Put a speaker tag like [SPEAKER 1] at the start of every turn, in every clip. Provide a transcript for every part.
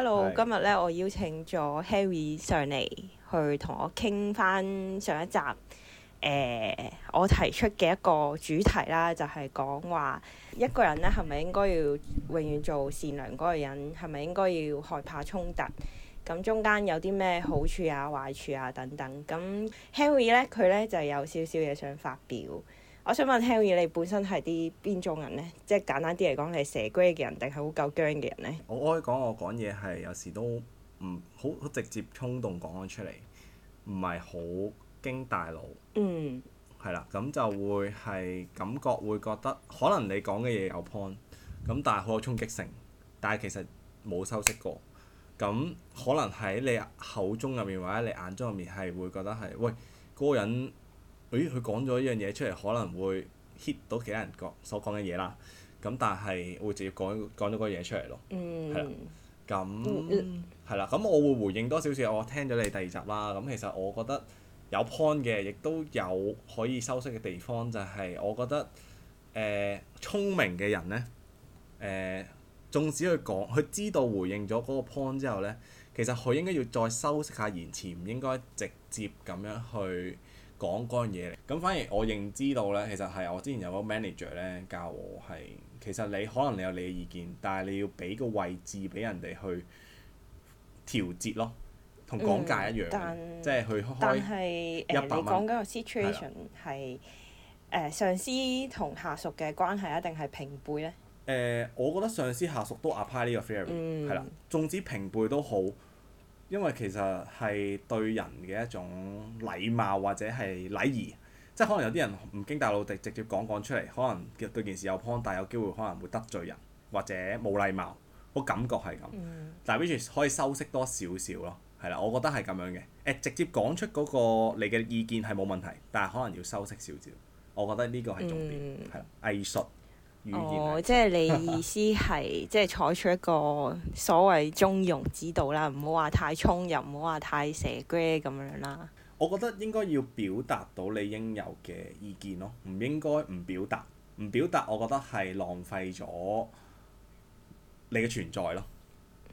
[SPEAKER 1] Hello，今日咧我邀請咗 Harry 上嚟，去同我傾翻上一集，誒、呃，我提出嘅一個主題啦，就係講話，一個人咧係咪應該要永遠做善良嗰個人？係咪應該要害怕衝突？咁中間有啲咩好處啊、壞處啊等等，咁 Harry 咧佢咧就有少少嘢想發表。我想問，Henry 你本身係啲邊種人呢？即係簡單啲嚟講，你係蛇龜嘅人，定係好夠薑嘅人呢？我可以講，我講
[SPEAKER 2] 嘢係有時都唔好好直接、衝動講咗出嚟，唔係好經大腦。嗯。係啦，咁就會係感覺會覺得，可能你講嘅嘢有 point，咁但係好有衝擊性，但係其實冇修飾過。咁可能喺你口中入面或者你眼中入面係會覺得係，喂，嗰個人。佢講咗一樣嘢出嚟，可能會 hit 到其他人講所講嘅嘢啦。咁但係會直接講講咗嗰嘢出嚟咯，係啦、嗯。咁係啦。咁、嗯、我會回應多少少。我聽咗你第二集啦。咁其實我覺得有 point 嘅，亦都有可以修飾嘅地方。就係、是、我覺得，誒、呃，聰明嘅人呢，誒、呃，縱使佢講，佢知道回應咗嗰個 point 之後呢，其實佢應該要再修飾下言辭，唔應該直接咁樣去。講嗰樣嘢嚟，咁反而我認知道咧，其實係我之前有個 manager 咧教我係，其實你可能你有你嘅意見，但係你要俾個位置俾人哋去調節咯，同講價一樣，嗯、即係去開一百蚊。但係，
[SPEAKER 1] 你講嗰個 situation 係、誒、呃、上司同下屬嘅關係一定係平輩咧？
[SPEAKER 2] 誒、呃，我覺得上司下屬都 apply 呢個 theory 係啦、嗯，總之平輩都好。因為其實係對人嘅一種禮貌或者係禮儀，即係可能有啲人唔經大腦直直接講講出嚟，可能對件事有幫助，但係有機會可能會得罪人或者冇禮貌，個感覺係咁。但係完全可以修飾多少少咯，係啦，我覺得係咁樣嘅。誒，直接講出嗰個你嘅意見係冇問題，但係可能要修飾少少，我覺得呢個係重點係、嗯、藝術。
[SPEAKER 1] 哦，即係你意思係， 即係採取一個所謂中庸之道啦，唔好話太衝，又唔好話太蛇頸咁樣啦。我覺得
[SPEAKER 2] 應該要表達到你應有嘅意見咯，唔應該唔表達，唔表達，我覺得係浪費咗你嘅存在咯。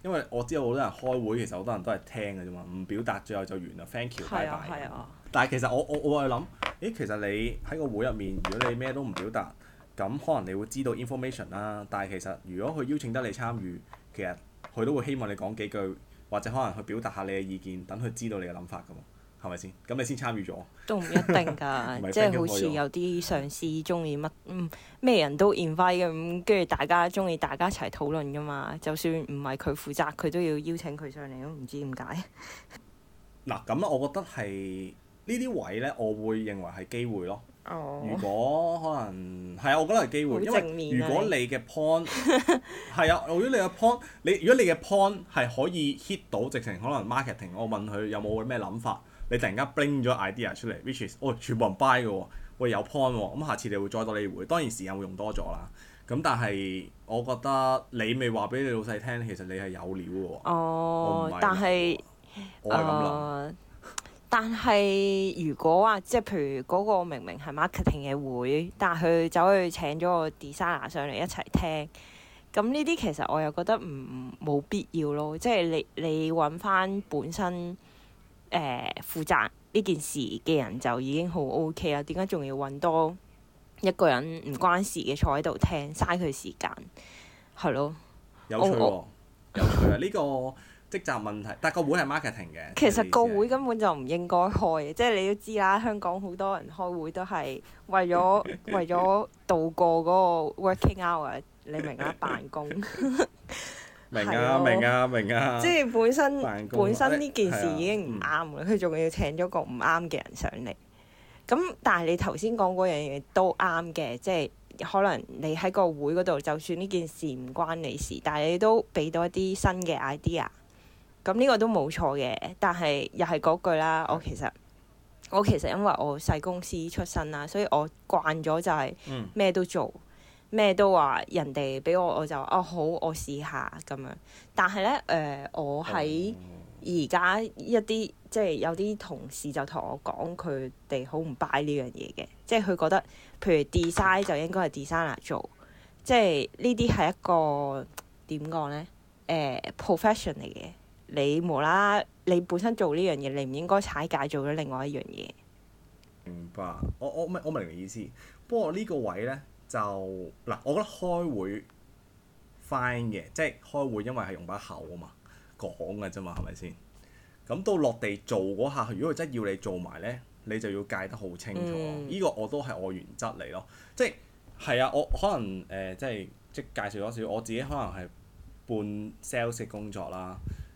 [SPEAKER 2] 因為我知道好多人開會，其實好多人都係聽嘅啫嘛，唔表達最後就完啦，thank you 拜拜，係啊係啊。但係其實我我我係諗，咦，其實你喺個會入面，如果你咩都唔表達。咁可能你會知道 information 啦，但係其實如果佢邀請得你參與，其實佢都會希望你講幾句，或者可能去表達下你嘅意見，等佢知道你嘅諗法㗎嘛，係咪先？咁你先參與咗
[SPEAKER 1] 都唔一定㗎，即係 好似有啲上司中意乜，嗯咩人都 invite 咁，跟住大家中意大家一齊討論㗎嘛。就算唔係佢負責，佢都要邀請佢上嚟，都唔知點解。
[SPEAKER 2] 嗱，咁我覺得係呢啲位呢，我會認為係機會咯。如果可能係啊，我覺得係機會，因為如果你嘅 point 係啊，如果你嘅 point，你如果你嘅 point 係可以 hit 到直情，可能 marketing 我問佢有冇咩諗法，你突然間 bring 咗 idea 出嚟，which is 哦全部人 buy 嘅喎，喂有 point 喎，咁下次你會再多理會，當然時間會用多咗啦。咁但係我覺得你未話俾你老細聽，其實你係有料喎。哦，但係是我係咁諗。呃
[SPEAKER 1] 但係如果話即係譬如嗰個明明係 marketing 嘅會，但係佢走去請咗個 designer 上嚟一齊聽，咁呢啲其實我又覺得唔冇必要咯。即係你你搵返本身誒、呃、負責呢件事嘅人就已經好 OK 啦。點解仲要搵多一個人唔關事嘅坐喺度聽，嘥佢時間係咯？有趣
[SPEAKER 2] 喎，有趣啊！呢、 呢個職責問題，但個會係 marketing 嘅。其實個
[SPEAKER 1] 會根本就唔應該開嘅，即係你都知啦。香港好多人開會都係為咗為咗度過嗰個 working hour。你明啊？辦公
[SPEAKER 2] 明啊！明啊！明
[SPEAKER 1] 啊！即係本身本身呢件事已經唔啱啦，佢仲要請咗個唔啱嘅人上嚟。咁但係你頭先講嗰樣嘢都啱嘅，即係可能你喺個會嗰度，就算呢件事唔關你事，但係你都俾到一啲新嘅 idea。咁呢個都冇錯嘅，但係又係嗰句啦。我其實我其實因為我細公司出身啦，所以我慣咗就係咩都做，咩、嗯、都話人哋俾我，我就哦，好，我試下咁樣。但係咧誒，我喺而家一啲即係有啲同事就同我講，佢哋好唔 buy 呢樣嘢嘅，即係佢覺得譬如 design 就應該係 designer 做，即係呢啲係一個點講咧？誒、呃，profession 嚟嘅。你無啦，你本身做呢樣嘢，你唔應該踩界做咗另外一樣嘢。
[SPEAKER 2] 明白，我我明我明你意思。不過呢個位呢，就嗱，我覺得開會 fine 嘅，即係開會，因為係用把口啊嘛講嘅啫嘛，係咪先？咁到落地做嗰下，如果佢真係要你做埋呢，你就要界得好清楚。呢、嗯、個我都係我原則嚟咯，即係係啊。我可能誒、呃、即係即係介紹多少，我自己可能係半 sales 工作啦。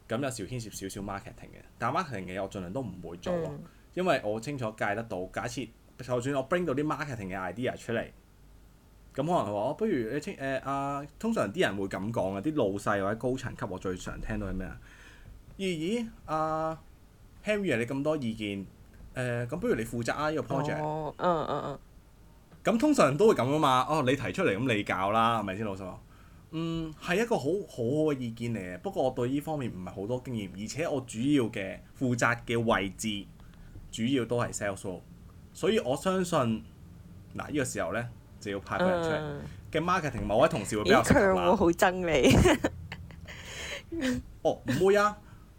[SPEAKER 2] 咁有時牽涉少少 marketing 嘅，但 marketing 嘅嘢我盡量都唔會做，因為我清楚介得到。假設就算我 bring 到啲 marketing 嘅 idea 出嚟，咁可能佢話、哦、不如你聽誒、呃、啊，通常啲人會咁講啊，啲老細或者高層級我最常聽到係咩啊？咦咦，阿 Henry 啊，你咁多意見，誒、呃、咁不如你負責啊呢個 project、哦。嗯嗯嗯。咁、嗯、通常都會咁啊嘛，哦你提出嚟咁你教啦，係咪先老實話？嗯，係一個好好嘅意見嚟嘅。不過我對呢方面唔係好多經驗，而且我主要嘅負責嘅位置主要都係 sales，所以我相信嗱呢、呢個時候呢，就要派俾人出嚟。嘅 marketing、嗯、某位同事會比較強
[SPEAKER 1] 啦。會好憎、嗯、你？
[SPEAKER 2] 哦，唔會啊，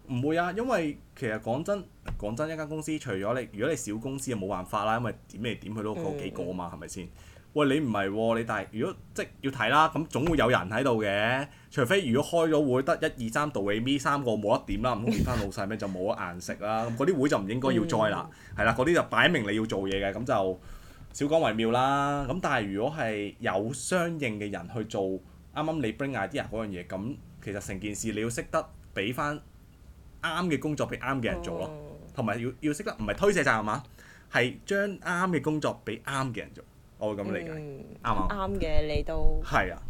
[SPEAKER 2] 唔會啊，因為其實講真講真，一間公司除咗你，如果你小公司就冇辦法啦，因為點嚟點去都嗰幾個嘛，係咪先？喂，你唔係喎，你但係如果即係要睇啦，咁總會有人喺度嘅。除非如果開咗會 1, 2, 3, 得一二三到尾咪三個冇一點啦，唔通變翻老細咩？就冇得硬食啦。咁嗰啲會就唔應該要載啦。係啦、嗯啊，嗰啲就擺明你要做嘢嘅，咁就少講為妙啦。咁但係如果係有相應嘅人去做剛剛，啱啱你 bring idea 嗰樣嘢，咁其實成件事你要識得俾翻啱嘅工作俾啱嘅人做咯，同埋、哦、要要識得唔係推卸責任嘛？係將啱嘅工作俾啱嘅人做。我咁嚟嘅，
[SPEAKER 1] 啱嘅你都，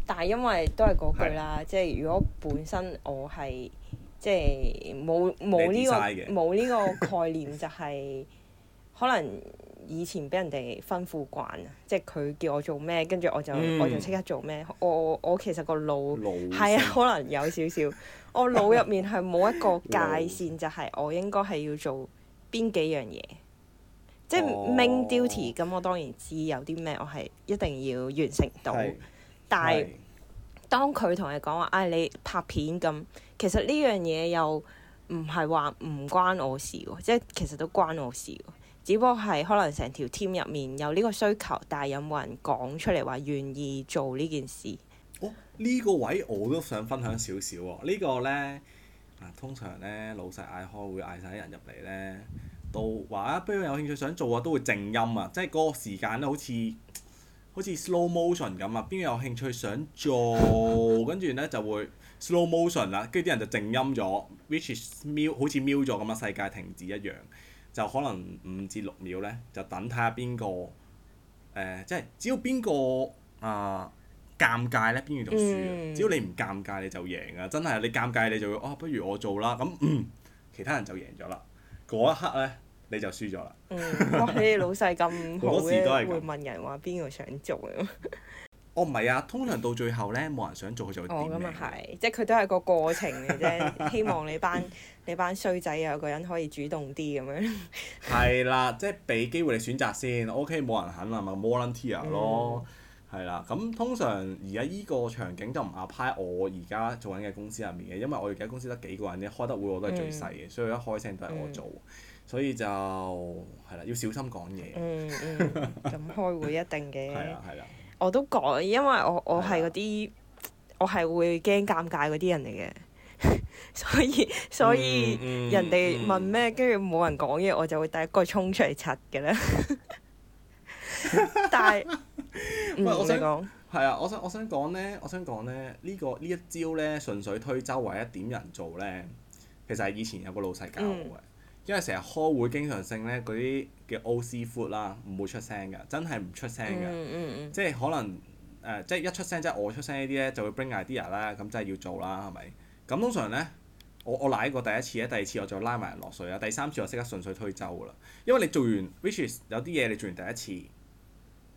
[SPEAKER 1] 但係因為都係嗰句啦，即係如果本身我係即係冇冇呢個冇呢個概念，就係可能以前俾人哋吩咐慣，即係佢叫我做咩，跟住我就我就即刻做咩。我我其實個腦係啊，可能有少少，我腦入面係冇一個界線，就係我應該係要做邊幾樣嘢。即係 main duty 咁，哦、我當然知有啲咩我係一定要完成到。是但係是當佢同你講話，唉、哎，你拍片咁，其實呢樣嘢又唔係話唔關我事喎，即係其實都關我事喎。只不過係可能成條 team 入面有呢個需求，但係有冇人講出嚟話願意
[SPEAKER 2] 做呢件事？哦，呢、這個位我都想分享少少喎。呢個、呢個咧啊，通常咧老細嗌開會嗌晒啲人入嚟咧，都話啊，邊個有興趣想做啊，都會靜音啊，即係嗰個時間咧，好似好似 slow motion 咁啊。邊個有興趣想做，跟住咧就會 slow motion 啦，跟住啲人就靜音咗 ，which is mute，好似 mute 咗咁啊，世界停止一樣。就可能五至六秒咧，就等睇下邊個誒，即係只要邊個啊尷尬咧，邊個就輸、嗯、只要你唔尷尬，你就贏啊！真係你尷尬，你就會哦、啊，不如我做啦，咁、嗯、其他人就贏咗啦。嗰一刻咧，你就輸咗啦。嗯，哇！你
[SPEAKER 1] 哋老細咁好嘅， 都會問人話邊個想做咁。哦，唔
[SPEAKER 2] 係啊，通常到最後咧，冇人想做就。哦，
[SPEAKER 1] 咁啊係，即係佢都係個過程嘅啫。 希望你班你班衰仔有個人可以主動啲咁樣。
[SPEAKER 2] 係 啦，即係俾機會你選擇先。OK，冇人肯啊咪 volunteer 咯。嗯係啦，咁通常而家依個場景就唔啱 apply。我而家做緊嘅公司入面嘅，因為我而家公司得幾個人嘅，開得會我都係最細嘅，所以一開聲都係我做，所以就係啦，要小心講嘢。嗯嗯，咁
[SPEAKER 1] 開會一定嘅。係啦係啦，我都講，因為我我係嗰啲，我係會驚尷尬嗰啲人嚟嘅，所以所以人哋問咩，跟住冇人講嘢，我就會第一個衝出嚟柒嘅啦。但係。喂，我想係啊，
[SPEAKER 2] 我想我想講咧，我想講咧，我想呢、呢個呢一招咧，順水推舟，或者點人做咧，其實係以前有個老細教我嘅，嗯、因為成日開會經常性咧，嗰啲叫 old seafood 啦，唔會出聲嘅，真係唔出聲嘅、嗯嗯呃，即係可能誒，即係一出聲即係我出聲呢啲咧，就會 bring idea 啦，咁真係要做啦，係咪？咁通常咧，我我奶過第一次咧，第二次我就拉埋人落水啦，第三次我識得順水推舟噶啦，因為你做完 which is，有啲嘢你做完第一次。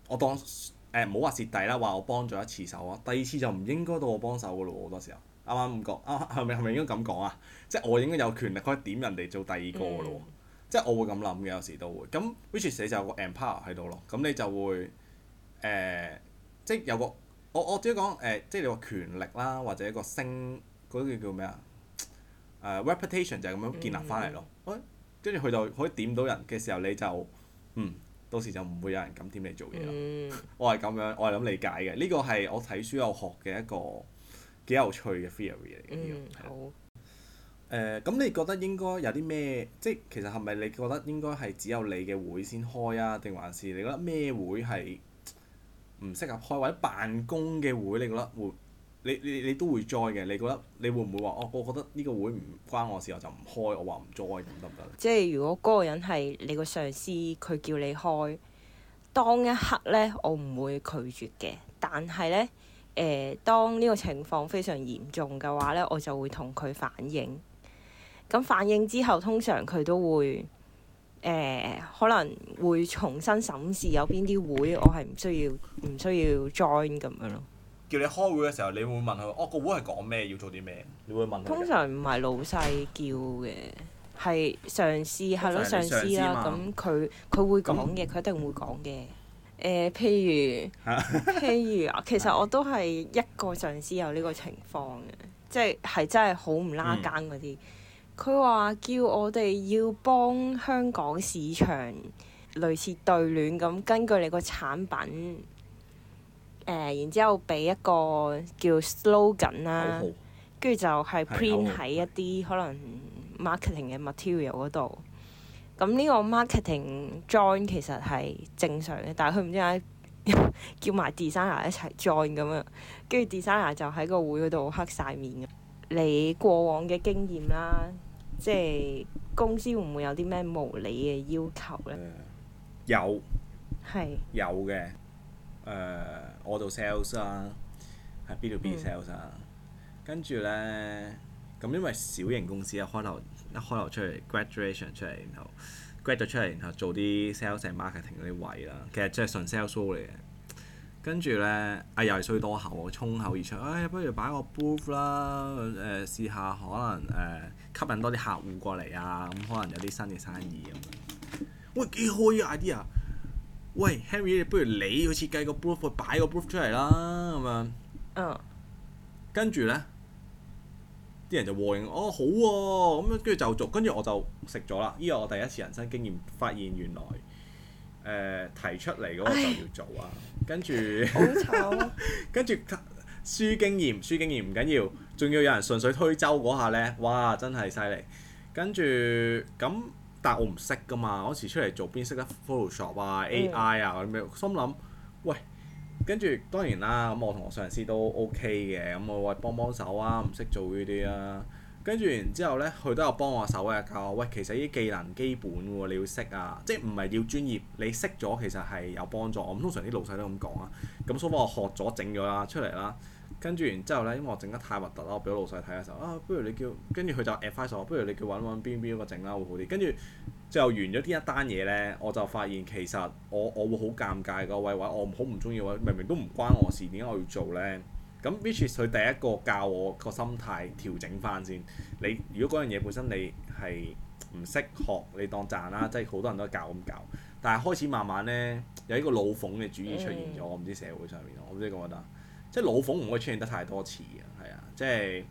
[SPEAKER 2] 我當誒唔好話蝕底啦，話、呃、我幫咗一次手啊，第二次就唔應該到我幫手噶嘞喎，好多時候。啱啱唔覺，啱係咪係咪應該咁講啊？即係我應該有權力可以點人哋做第二個噶嘞喎，mm hmm. 即係我會咁諗嘅有時都會。咁 w h i c h is 你就有個 empower 喺度咯，咁你就會誒、呃，即有個我我主要講誒，即係你話權力啦，或者一個聲，嗰個叫咩啊？誒、uh, reputation 就係咁樣建立翻嚟咯，跟住佢就可以點到人嘅時候你就嗯。到時就唔會有人敢點你做嘢啦。嗯、我係咁樣，我係咁理解嘅。呢個係我睇書又學嘅一個幾有趣嘅 theory 嚟嘅。嗯、的好。誒、呃，咁你覺得應該有啲咩？即其實係咪你覺得應該係只有你嘅會先開啊？定還是你覺得咩會係唔適合開？或者辦公嘅會，你覺得會？你你你都會 join 嘅，你覺得你會唔會話哦？我覺得呢個會唔關我事，我就唔開，我話唔 join 咁得唔得？
[SPEAKER 1] 即係如果嗰個人係你個上司，佢叫你開，當一刻咧，我唔會拒絕嘅。但係咧，誒、呃，當呢個情況非常嚴重嘅話咧，我就會同佢反映。咁反映之後，通常佢都會誒、呃、可能會重新審視有邊啲會，我係唔需要唔需要 join 咁樣咯。
[SPEAKER 2] 叫你開會嘅時候，你會問佢：哦，個會係講咩？要做啲咩？你會問。通常
[SPEAKER 1] 唔係老細叫嘅，係上司係咯， 吧上司啦。咁佢佢會講嘅，佢、嗯、一定會講嘅。誒、呃，譬如譬如，其實我都係一個上司有呢個情況嘅， 即係係真係好唔拉更嗰啲。佢話、嗯、叫我哋要幫香港市場類似對聯咁，根據你個產品。誒、呃，然之後俾一個叫 slogan 啦，跟住就係 print 喺、oh, oh. 一啲可能 marketing 嘅 material 嗰度。咁呢個 marketing join 其實係正常嘅，但係佢唔知點解叫埋 designer 一齊 join 咁樣，跟住 designer 就喺個會嗰度黑晒面嘅。你過往嘅經驗啦，即係公司會唔會有啲咩無理嘅要求咧？Uh, 有係
[SPEAKER 2] 是有嘅，誒、uh。我做 sales 啊，係 B to B sales 啊、嗯，跟住咧，咁因為小型公司一開頭一開頭出嚟 graduation 出嚟，然後 grad 咗出嚟，然後做啲 sales marketing 嗰啲位啦，其實即係純 sales l 佬嚟嘅。跟住咧，啊、哎、又係衰多口，衝口而出，誒、哎、不如擺個 booth 啦，誒、呃、試下可能誒、呃、吸引多啲客戶過嚟啊，咁可能有啲新嘅生意咁。喂幾好啊 idea！喂，Henry，你不如你好似計個 buff、ok，擺個 buff、ok、出嚟啦，咁樣，oh。哦啊。跟住呢啲人就和應哦好喎，咁樣跟住就做，跟住我就食咗啦。呢個我第一次人生經驗，發現原來誒、呃、提出嚟嗰個就要做啊。跟住。跟住輸經驗，輸經驗唔緊要，仲要有人順水推舟嗰下呢。哇！真係犀利。跟住咁。但係我唔識噶嘛，嗰時出嚟做邊識得 Photoshop 啊、AI 啊嗰啲咩？心諗喂，跟住當然啦，咁我同、OK、我上司都 OK 嘅，咁我喂幫幫手啊，唔識做呢啲啊。跟住然之後咧，佢都有幫我手啊，教我喂其實啲技能基本喎、啊，你要識啊，即係唔係要專業？你識咗其實係有幫助。我通常啲老細都咁講啊，咁所以我學咗整咗啦，出嚟啦。跟住然之後咧，因為我整得太核突啦，我俾老細睇嘅時候，啊，不如你叫跟住佢就 advise 我，不如你叫揾揾邊邊個整啦會好啲。跟住就完咗呢一單嘢咧，我就發現其實我我會好尷尬個喂喂，我好唔中意位，明明都唔關我事，點解我要做咧？咁 which is 佢第一個教我個心態調整翻先。你如果嗰樣嘢本身你係唔識學，你當賺啦，即係好多人都教咁教。但係開始慢慢咧有呢個老奉嘅主義出現咗，我唔知社會上面我唔知你覺唔覺得。即係老奉唔可以出現得太多次嘅，係啊，即係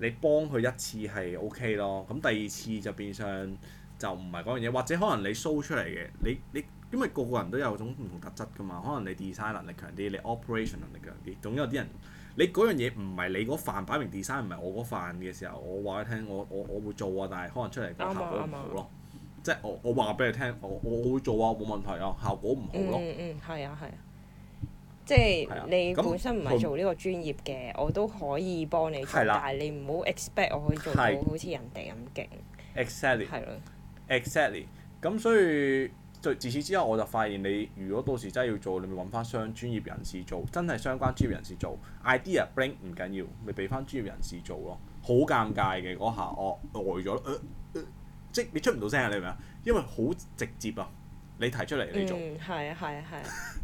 [SPEAKER 2] 你幫佢一次係 O K 咯，咁第二次就變相就唔係嗰樣嘢，或者可能你 show 出嚟嘅，你你因為個個人都有種唔同特質噶嘛，可能你 design 能力強啲，你 operation 能力強啲，總有啲人你嗰樣嘢唔係你嗰範，擺明 design 唔係我嗰範嘅時候，我話佢聽，我我我會做啊，但係可能出嚟效果唔好咯，啊啊啊、即係我我話俾佢聽，我我，我會做啊，冇問題啊，效果唔好咯，嗯
[SPEAKER 1] 嗯，係啊係啊。即係你本身唔係做呢個專業嘅，嗯、我都可以幫你做，嗯、但係你唔好 expect 我可以做到好似人哋咁勁。
[SPEAKER 2] Exactly，係咯的，Exactly。咁所以自自此之後，我就發現你如果到時真係要做，你咪揾翻相關專業人士做，真係相關專業人士做。idea bring 唔緊要，咪俾翻專業人士做咯。好尷尬嘅嗰下，我呆咗咯。即你出唔到聲，你明唔明？因為好直接啊，你提出嚟你做。
[SPEAKER 1] 係啊、嗯，係啊，係。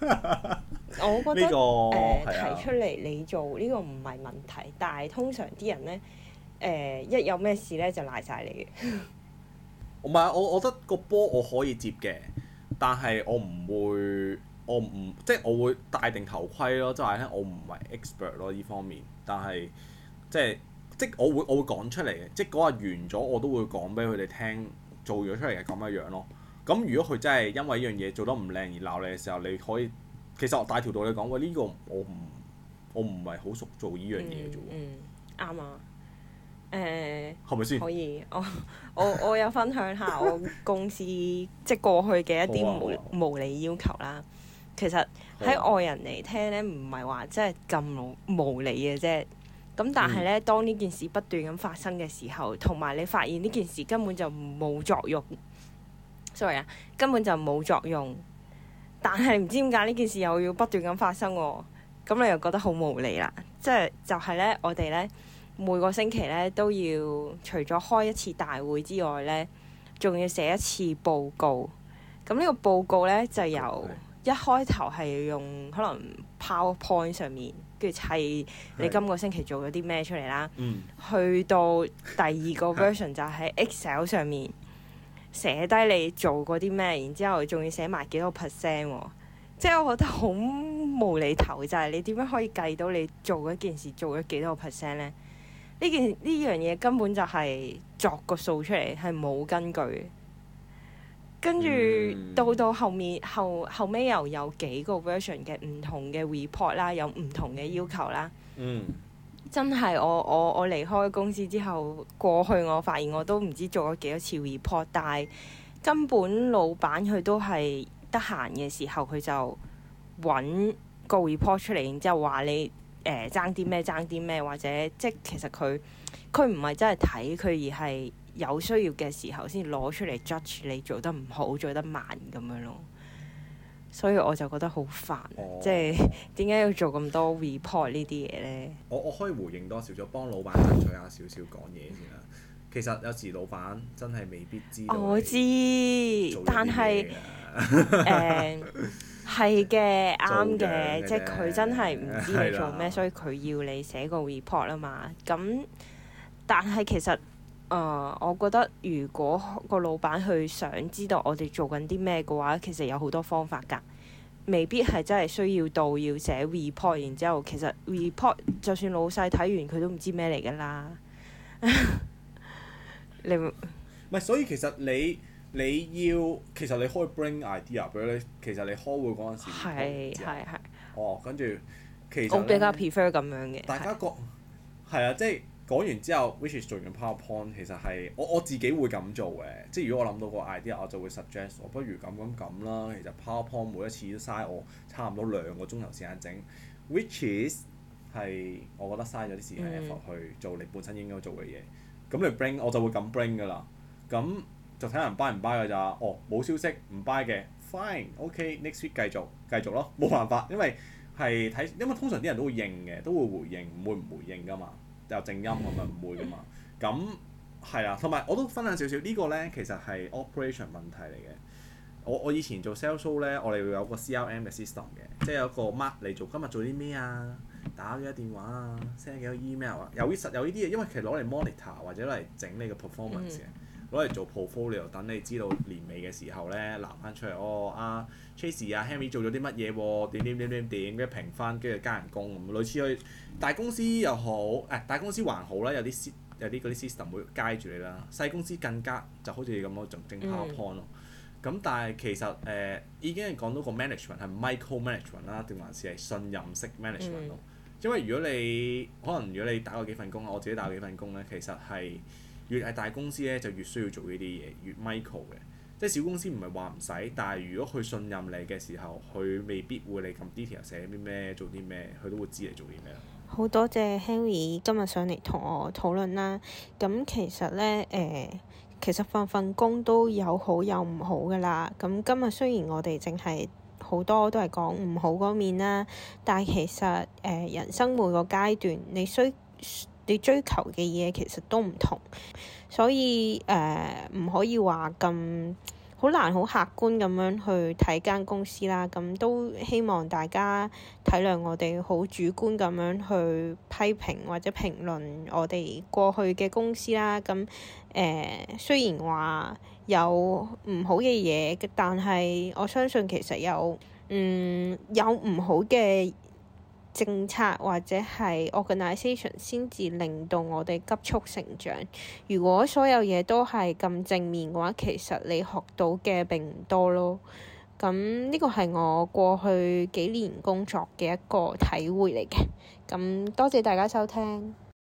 [SPEAKER 1] 我覺得誒、呢個呃、提出嚟是、啊、你做呢、呢個唔係問題，但係通常啲人咧誒、呃、一有咩事咧就賴晒你
[SPEAKER 2] 嘅。唔 係，我我覺得個波我可以接嘅，但係我唔會，我唔即係我會戴定頭盔咯。即係咧，我唔係 expert 咯呢方面，但係即係即我會我會講出嚟嘅。即嗰日完咗，我都會講俾佢哋聽做，做咗出嚟係咁嘅樣咯。咁如果佢真係因為呢樣嘢做得唔靚而鬧你嘅時候，你可以其實我大條道你講話呢、呢個我唔我唔係好熟做呢樣嘢嘅
[SPEAKER 1] 啫。嗯，啱啊。誒、呃，係咪先？可以，我我我有分享下我公司 即係過去嘅一啲無、啊啊啊、無理要求啦。其實喺外人嚟聽咧，唔係話真係咁無，無理嘅啫。咁但係咧，嗯、當呢件事不斷咁發生嘅時候，同埋你發現呢件事根本就冇作用。所以啊，Sorry, 根本就冇作用，但係唔知點解呢件事又要不斷咁發生，啊，咁你又覺得好無理啦。即係就係、是、咧，我哋咧每個星期咧都要除咗開一次大會之外咧，仲要寫一次報告。咁呢個報告咧就由一開頭係用可能 PowerPoint 上面，跟住砌你今個星期做咗啲咩出嚟啦。的去到第二個 version 就喺 Excel 上面。寫低你做過啲咩，然之後仲要寫埋幾多 percent 喎，哦，即係我覺得好無厘頭，就係、是、你點樣可以計到你做一件事做咗幾多 percent 咧？呢件呢樣嘢根本就係作個數出嚟，係冇根據。跟住、嗯、到到後面後後尾又有幾個 version 嘅唔同嘅 report 啦，有唔同嘅要求啦。嗯。真係我我我離開公司之後，過去我發現我都唔知做咗幾多次 report，但係根本老闆佢都係得閒嘅時候，佢就揾個 report 出嚟，然之後話你誒爭啲咩，爭啲咩，或者即其實佢佢唔係真係睇佢，而係有需要嘅時候先攞出嚟 judge 你做得唔好，做得慢咁樣咯。所以我就覺得好煩，oh. 即係點解要做咁多 report 呢啲嘢呢？我我可以回應多少少，就幫老闆掩嘴下少少講嘢先啦。
[SPEAKER 2] 其實有時老闆真係未必知。我知，
[SPEAKER 1] 但係誒係嘅，啱嘅、 呃，即係佢真係唔知你做咩，的所以佢要你寫個 report 吖嘛。咁但係其實。誒，uh, 我覺得如果個老闆去想知道我哋做緊啲咩嘅話，其實有好多方法㗎，未必係真係需要到要寫 report，然之後其實 report 就算老細睇完佢都唔知咩嚟㗎啦。
[SPEAKER 2] 你唔係，所以其實你你，要其實你可以 bring idea 俾你。其實你開會嗰陣時係係係哦，跟住其實我比較
[SPEAKER 1] prefer 咁樣嘅，大家覺，
[SPEAKER 2] 係啊，即係。講完之後，which is 做完 PowerPoint 其實係我我自己會咁做嘅，即係如果我諗到個 idea，我就會 suggest 我不如咁咁咁啦。其實 PowerPoint 每一次都嘥我差唔多兩個鐘頭時間整，which is 係我覺得嘥咗啲時間 effort 去做你本身應該做嘅嘢。咁、嗯、你 bring 我就會咁 bring 㗎啦。咁就睇人 buy 唔 buy 㗎咋？哦，冇消息唔 buy 嘅，fine，ok，next week 繼續繼續咯。冇辦法，因為係睇因為通常啲人都會應嘅，都會回應，唔會唔回應㗎嘛。又靜音咁咪唔會㗎嘛，咁係啊，同埋我都分享少少，這個、呢個咧，其實係 operation 問題嚟嘅。我我以前做 sales role 咧，我哋會有個 CRM 嘅 system 嘅，即係有個 mark 你做今日做啲咩啊，打幾多電話啊，send 幾多 email 啊，有呢實有呢啲嘢，因為其實攞嚟 monitor 或者攞嚟整你嘅 performance 嘅。攞嚟做 portfolio，等你知道年尾嘅時候咧，攬翻出嚟哦。阿、啊、Chase 啊，Henry 做咗啲乜嘢？點點點點點，跟住評分，跟住加人工咁。類似去大公司又好，誒、啊、大公司還好啦，有啲有啲嗰啲 system 會 guide 住你啦。細公司更加就好似你咁樣仲更加 point 咯。咁、嗯、但係其實誒、呃、已經係講到個 management, management 係 micro management 啦，定還是係信任式 management 咯、嗯？因為如果你可能如果你打過幾份工，我自己打過幾份工咧，其實係。越係大公司咧，就越需要做呢啲嘢，越 micro 嘅。即係小公司唔係話唔使，但係如果佢信任你嘅時候，佢未必會你咁 detail 寫啲咩，做啲咩，佢都會知你做啲咩啦。
[SPEAKER 3] 好多謝 Henry 今日上嚟同我討論啦。咁其實咧誒，其實份、呃、份工都有好有唔好㗎啦。咁、嗯、今日雖然我哋淨係好多都係講唔好嗰面啦，但係其實誒、呃、人生每個階段，你需你追求嘅嘢其實都唔同，所以誒唔、呃、可以話咁好難好客觀咁樣去睇間公司啦。咁、嗯、都希望大家體諒我哋好主觀咁樣去批評或者評論我哋過去嘅公司啦。咁、嗯、誒、呃、雖然話有唔好嘅嘢，但係我相信其實有嗯有唔好嘅。政策或者係 organization 先至令到我哋急速成長，如果所有嘢都係咁正面嘅話，其實你學到嘅並唔多咯。咁、嗯、呢個係我過去幾年工作嘅一個體會嚟嘅。咁、嗯、多謝大家收聽。